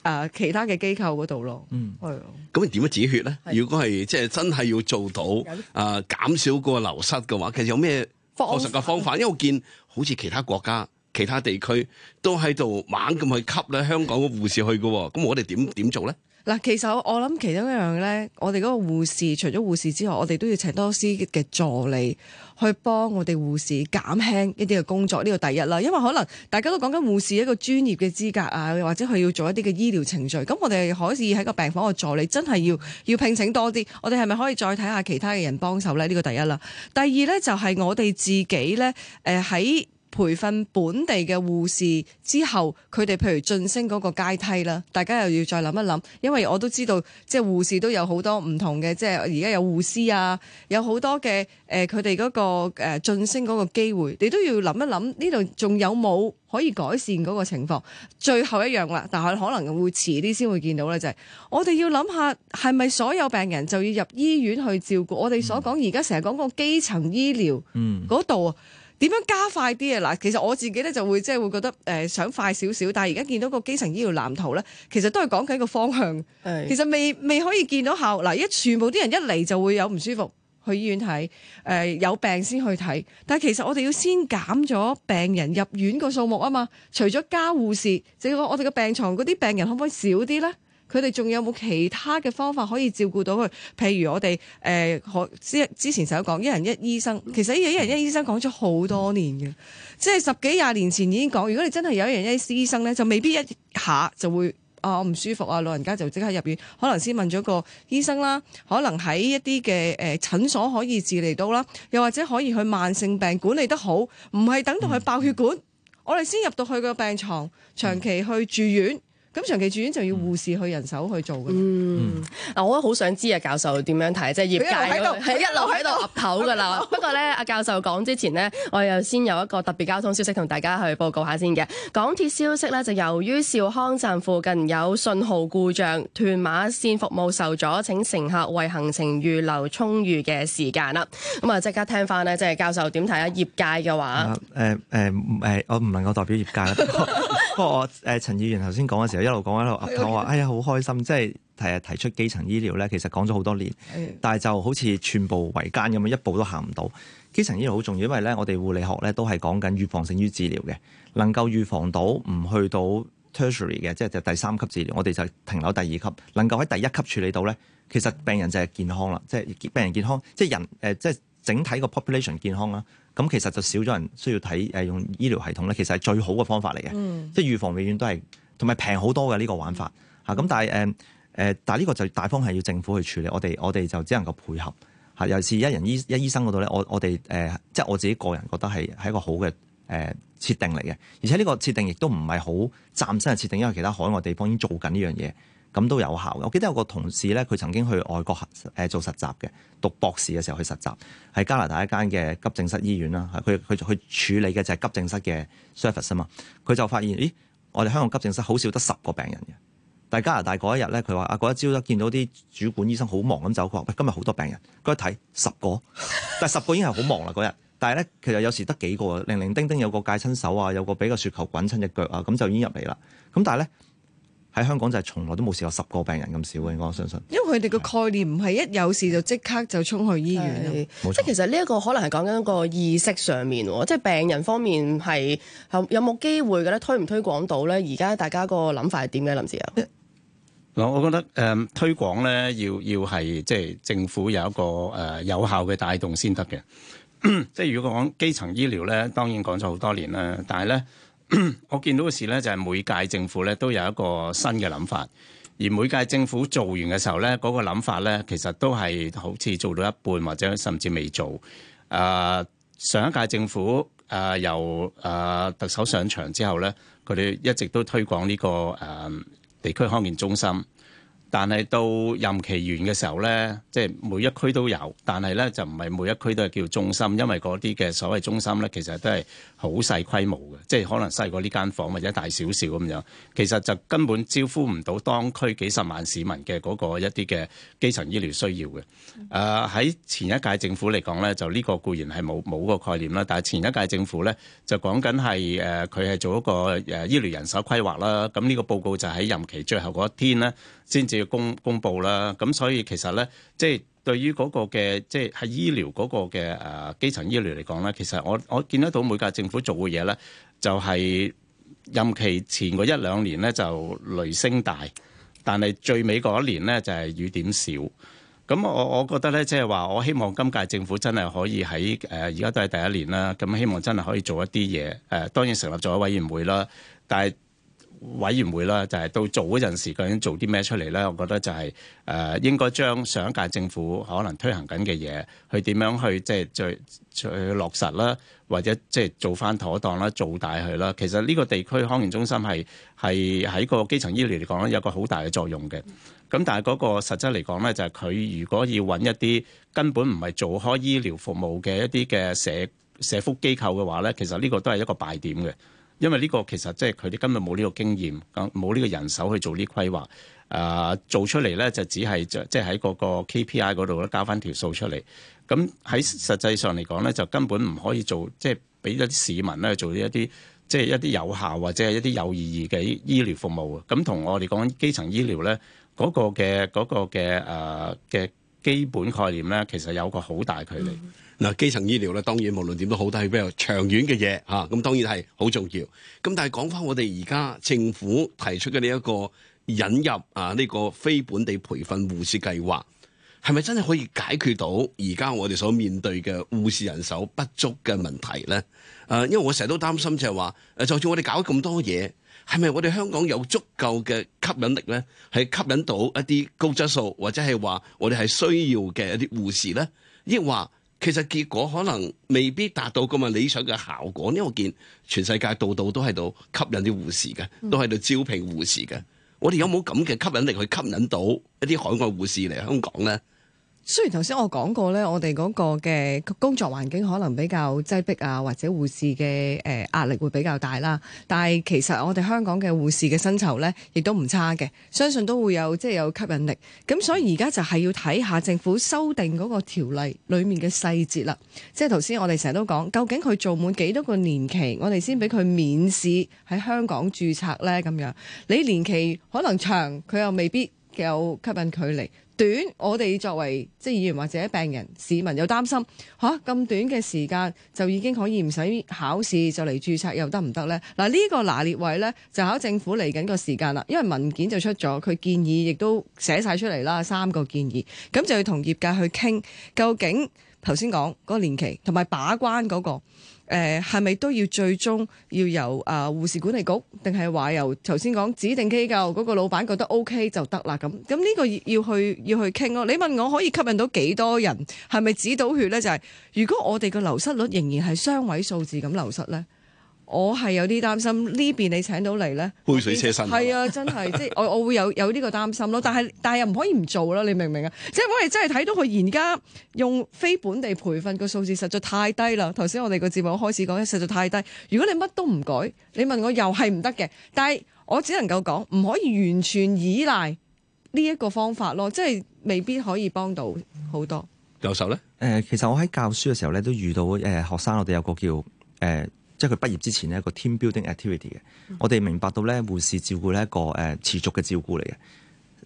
呃、其他嘅機構嗰度咯。嗯，係的。咁你點樣止血咧？的如果係即係真係要做到誒、呃、減少個流失嘅話，其實有咩確實嘅方法？ [laughs] 因為我見。好似其他國家、其他地區都喺度猛咁去吸引香港嘅護士去嘅，咁我哋點點做咧？嗱，其實我我諗其中一樣咧，我哋嗰個護士除咗護士之外，我哋都要請多啲嘅助理去幫我哋護士減輕一啲嘅工作，呢個第一啦，因為可能大家都講緊護士一個專業嘅資格啊，或者佢要做一啲嘅醫療程序，咁我哋可以喺個病房嘅助理真係要要聘請多啲，我哋係咪可以再睇下其他嘅人幫手咧？呢個第一啦，第二咧就係我哋自己咧，誒喺。培訓本地嘅護士之後，佢哋譬如晉升嗰個階梯啦，大家又要再諗一諗，因為我都知道，即係護士都有好多唔同嘅，即係而家有護師啊，有好多嘅誒，佢哋嗰個誒、呃、晉升嗰個機會，你都要諗一諗呢度仲有冇可以改善嗰個情況。最後一樣啦，但係可能會遲啲先會見到咧，就係、是、我哋要諗下，係咪所有病人就要入醫院去照顧？嗯、我哋所講而家成日講嗰個基層醫療嗰度。嗯點樣加快啲啊？嗱，其實我自己咧就會即係會覺得誒、呃，想快少少。但係而家見到個基層醫療藍圖咧，其實都係講緊一個方向。對 其實未未可以見到效。嗱，一全部啲人一嚟就會有唔舒服，去醫院睇。誒、呃，有病先去睇。但係其實我哋要先減咗病人入院個數目啊嘛。除咗加護士，就我我哋個病床嗰啲病人可唔可以少啲呢？佢哋仲有冇其他嘅方法可以照顧到佢？譬如我哋誒可之之前成日講一人一醫生，其實一人一醫生講咗好多年嘅，即係十幾廿年前已經講，如果你真係有一人一醫生咧，就未必一下就會啊，我唔舒服啊，老人家就即刻入院。可能先問咗個醫生啦，可能喺一啲嘅誒診所，可以治理到啦，又或者可以去慢性病管理得好，唔係等到佢爆血管，我哋先入到去個病床長期去住院。咁長期住院就要護士去人手去做嘅。嗯，嗱，我好想知啊，教授點樣睇，即係業界喺度，係一路喺度岌頭㗎啦。不過咧，阿教授講之前呢，我又先有一個特別交通消息同大家去報告下先嘅。港鐵消息呢就由於兆康站附近有信號故障，屯馬綫服務受阻，請乘客為行程預留充裕嘅時間啦。咁啊，即刻聽翻呢，即係教授點睇啊？業界嘅話，誒誒誒，我唔能夠代表業界。不過我誒陳議員頭先講嘅時候。一路講一路，我話哎呀，好開心！即係提提出基層醫療咧，其實講咗好多年，但係就好似寸步維艱咁樣，一步都行唔到。基層醫療好重要，因為咧，我哋護理學咧都係講緊預防勝於治療嘅，能夠預防到唔去到 tertiary 嘅，即係就第三級治療，我哋就停留第二級，能夠喺第一級處理到咧，其實病人就係健康啦，即係病人健康，即係人誒、呃，即係整體個 population 健康啦。咁其實就少咗人需要睇誒、呃，用醫療系統咧，其實係最好嘅方法嚟嘅，嗯、即係預防永遠都係。同埋平好多嘅呢、這個玩法嚇，咁但係誒誒，但係呢、呃、個就大方係要政府去處理，我哋我哋就只能夠配合嚇。尤其是一人醫一醫生嗰度咧，我我哋誒、呃，即係我自己個人覺得係係一個好嘅誒、呃、設定嚟嘅。而且呢個設定亦都唔係好暫時嘅設定，因為其他海外地方已經做緊呢樣嘢，咁都有效嘅。我記得有個同事咧，佢曾經去外國誒做實習嘅，讀博士嘅時候去實習，喺加拿大一間嘅急症室醫院啦，佢佢去處理嘅就係急症室嘅 service 啊嘛，佢就發現咦。我哋香港急症室好少得十個病人嘅，但係加拿大嗰一日咧，佢話：啊，嗰一朝都見到啲主管醫生好忙咁走過，佢話喂，今日好多病人，佢一睇十個，但係十個已經係好忙啦嗰日。但係咧，其實有時得幾個，零零丁丁有個戒親手啊，有個俾個雪球滾親隻腳啊，咁就已經入嚟啦。咁但係咧。喺香港就係從來都冇試過十個病人咁少嘅，我相信。因為佢哋嘅概念唔係一有事就即刻就衝去醫院。即係係。冇錯。其實呢一個可能係講緊個意識上面，即係病人方面係有冇機會嘅咧，推唔推廣到咧？而家大家個諗法係點嘅，林志釉？嗱，我覺得誒推廣咧，要要係即係政府有一個誒有效嘅帶動先得嘅。即係如果講基層醫療咧，當然講咗好多年啦，但係咧。 [coughs] 我見到嘅事咧，就係每屆政府咧都有一個新嘅諗法，而每屆政府做完嘅時候咧，嗰個諗法咧，其實都係好似做到一半或者甚至未做。啊，上一屆政府啊，由啊特首上場之後咧，佢哋一直都推廣呢個誒，地區康健中心。但係到任期完嘅時候咧，即係每一區都有，但係咧就唔係每一區都係叫中心，因為嗰啲嘅所謂中心咧，其實都係好細規模嘅，即係可能細過呢間房間或者大少少咁樣，其實就根本招呼唔到當區幾十萬市民嘅嗰個一啲嘅基層醫療需要嘅。誒、呃、喺前一屆政府嚟講咧，就呢個固然係冇冇個概念啦，但係前一屆政府咧就講緊係誒佢係做一個誒、呃、醫療人手規劃啦。咁呢個報告就喺任期最後一天咧先至。公公布啦，咁所以其實咧，即係對於嗰個嘅，即係喺醫療嗰個嘅誒、呃、基層醫療嚟講咧，其實我我見得到每屆政府做嘅嘢咧，就係、是、任期前嗰一兩年咧就雷聲大，但係最尾嗰一年咧就係、是、雨點小。咁我我覺得咧，即係話我希望今屆政府真係可以喺誒而家都係第一年啦，咁希望真係可以做一啲嘢。誒、呃，當然成立咗委員會啦，但係。委員會啦，就係、是、到做嗰陣時究竟做啲咩出嚟咧？我覺得就係、是、誒、呃、應該將上一屆政府可能推行緊嘅嘢，去點樣去即係去去落實啦，或者即係做翻妥當啦，做大佢啦。其實呢個地區康健中心係係喺個基層醫療嚟講有個好大嘅作用嘅。咁但係嗰個實質嚟講咧，就係、是、佢如果要揾一啲根本唔係做開醫療服務嘅一啲嘅社社福機構嘅話咧，其實呢個都係一個敗點嘅。因為呢個其實即係佢哋根本冇呢個經驗，冇呢個人手去做呢規劃，啊、呃、做出嚟咧就只係即係喺嗰個 KPI 嗰度咧交翻條數出嚟。咁喺實際上嚟講咧，就根本唔可以做，即係俾一啲市民咧做呢一啲即係一啲有效或者係一啲有意義嘅醫療服務。咁同我哋講基層醫療咧嗰個嘅嗰、嗰個嘅誒嘅基本概念咧，其實有個好大距離。嗯嗱，基層醫療咧，當然無論點都好，都係比較長遠嘅嘢吓，咁當然係好重要。咁但係講翻我哋而家政府提出嘅呢一個引入啊，呢個非本地培訓護士計劃，係咪真係可以解決到而家我哋所面對嘅護士人手不足嘅問題咧？誒，因為我成日都擔心就係話，誒，就算我哋搞咁多嘢，係咪我哋香港有足夠嘅吸引力咧，係吸引到一啲高質素或者係話我哋係需要嘅一啲護士咧，抑或？其實結果可能未必達到咁嘅理想嘅效果，因為我見全世界度度都喺度吸引啲護士㗎，都喺度招聘護士㗎。我哋有冇咁嘅吸引力去吸引到一啲海外護士嚟香港呢？雖然頭先我講過呢，我哋嗰個嘅工作環境可能比較擠迫啊，或者護士嘅誒壓力會比較大啦。但係其實我哋香港嘅護士嘅薪酬呢，亦都唔差嘅，相信都會有即係有吸引力。咁所以而家就係要睇下政府修訂嗰個條例裡面嘅細節啦。即係頭先我哋成日都講，究竟佢做滿幾多個年期，我哋先俾佢免試喺香港註冊呢咁樣。你年期可能長，佢又未必有吸引佢嚟。短，我哋作為即係議員或者病人市民又擔心吓，咁、啊、短嘅時間就已經可以唔使考試就嚟註冊又得唔得呢？嗱、啊、呢、這個拿捏位呢，就考政府嚟緊個時間啦，因為文件就出咗，佢建議亦都寫晒出嚟啦，三個建議，咁就要同業界去傾，究竟頭先講嗰年期同埋把關嗰、那個。誒係咪都要最終要由啊護、呃、士管理局，定係話由頭先講指定機構嗰個老闆覺得 OK 就得啦咁？咁呢、這個要去要去要去傾咯。你問我可以吸引到幾多人係咪止到血呢？就係、是、如果我哋個流失率仍然係雙位數字咁流失呢。我係有啲擔心呢邊你請到嚟呢？杯水車薪，係你啊，真係 [laughs] 即係我我會有有呢個擔心咯。但係但係又唔可以唔做咯，你明唔明啊？即係我哋真係睇到佢而家用非本地培訓個數字實在太低啦。頭先我哋個節目開始講咧，實在太低。如果你乜都唔改，你問我又係唔得嘅。但係我只能夠講，唔可以完全依賴呢一個方法咯。即係未必可以幫到好多。右手呢？誒、呃，其實我喺教書嘅時候呢，都遇到誒、呃、學生，我哋有個叫誒、呃即係佢畢業之前咧，一個 team building activity 嘅。嗯、我哋明白到咧，護士照顧呢一個誒、呃、持續嘅照顧嚟嘅，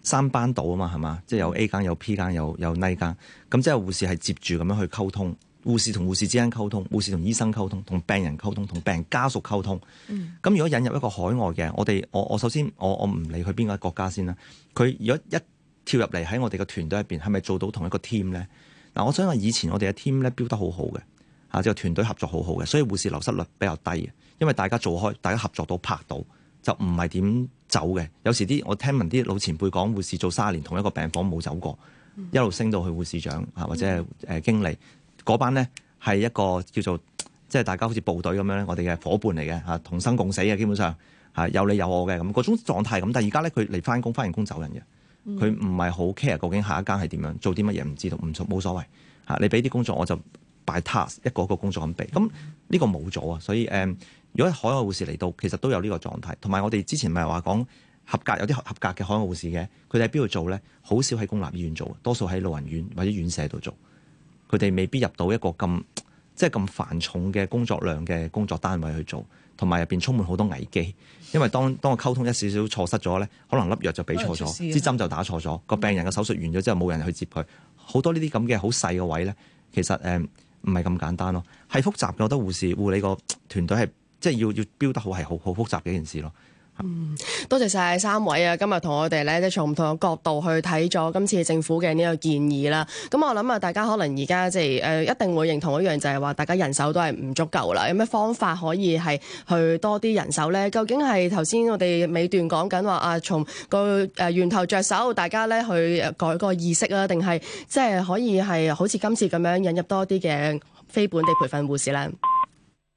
三班倒啊嘛，係嘛？即係有 A 間、有 P 間、有有 night 間。咁、嗯、即係護士係接住咁樣去溝通，護士同護士之間溝通，護士同醫生溝通，同病人溝通，同病人家屬溝通。嗯。咁如果引入一個海外嘅，我哋我我首先我我唔理佢邊個國家先啦。佢如果一跳入嚟喺我哋嘅團隊入邊，係咪做到同一個 team 咧？嗱，我想話以前我哋嘅 team 咧，標得好好嘅。啊，即係團隊合作好好嘅，所以護士流失率比較低嘅，因為大家做開，大家合作到拍到，就唔係點走嘅。有時啲我聽聞啲老前輩講，護士做卅年同一個病房冇走過，一路升到去護士長啊，或者係誒、呃、經理。嗰班咧係一個叫做即係大家好似部隊咁樣咧，我哋嘅伙伴嚟嘅嚇，同生共死嘅基本上嚇、啊，有你有我嘅咁嗰種狀態咁。但係而家咧佢嚟翻工，翻完工走人嘅，佢唔係好 care 究竟下一間係點樣，做啲乜嘢唔知道，唔冇所謂嚇、啊。你俾啲工作我就。拜託，by task, 一個一個工作咁俾，咁呢個冇咗啊！所以誒、嗯，如果海外護士嚟到，其實都有呢個狀態。同埋我哋之前咪話講合格有啲合格嘅海外護士嘅，佢哋喺邊度做咧？好少喺公立醫院做，多數喺老人院或者院舍度做。佢哋未必入到一個咁即係咁繁重嘅工作量嘅工作單位去做，同埋入面充滿好多危機。因為當當我溝通一少少錯失咗咧，可能粒藥就俾錯咗，支針就打錯咗，個病人嘅手術完咗之後冇人去接佢，好多呢啲咁嘅好細嘅位咧，其實誒。嗯唔係咁簡單咯，係複雜嘅。我覺得護士護理個團隊係即係要要標得好，係好好複雜嘅一件事咯。嗯，多謝晒三位啊！今日同我哋咧，即係從唔同嘅角度去睇咗今次政府嘅呢個建議啦。咁、嗯、我諗啊，大家可能而家即係誒，一定會認同一樣就係、是、話，大家人手都係唔足夠啦。有咩方法可以係去多啲人手呢？究竟係頭先我哋尾段講緊話啊，從個誒源頭着手，大家咧去改個意識啦，定係即係可以係好似今次咁樣引入多啲嘅非本地培訓護士呢？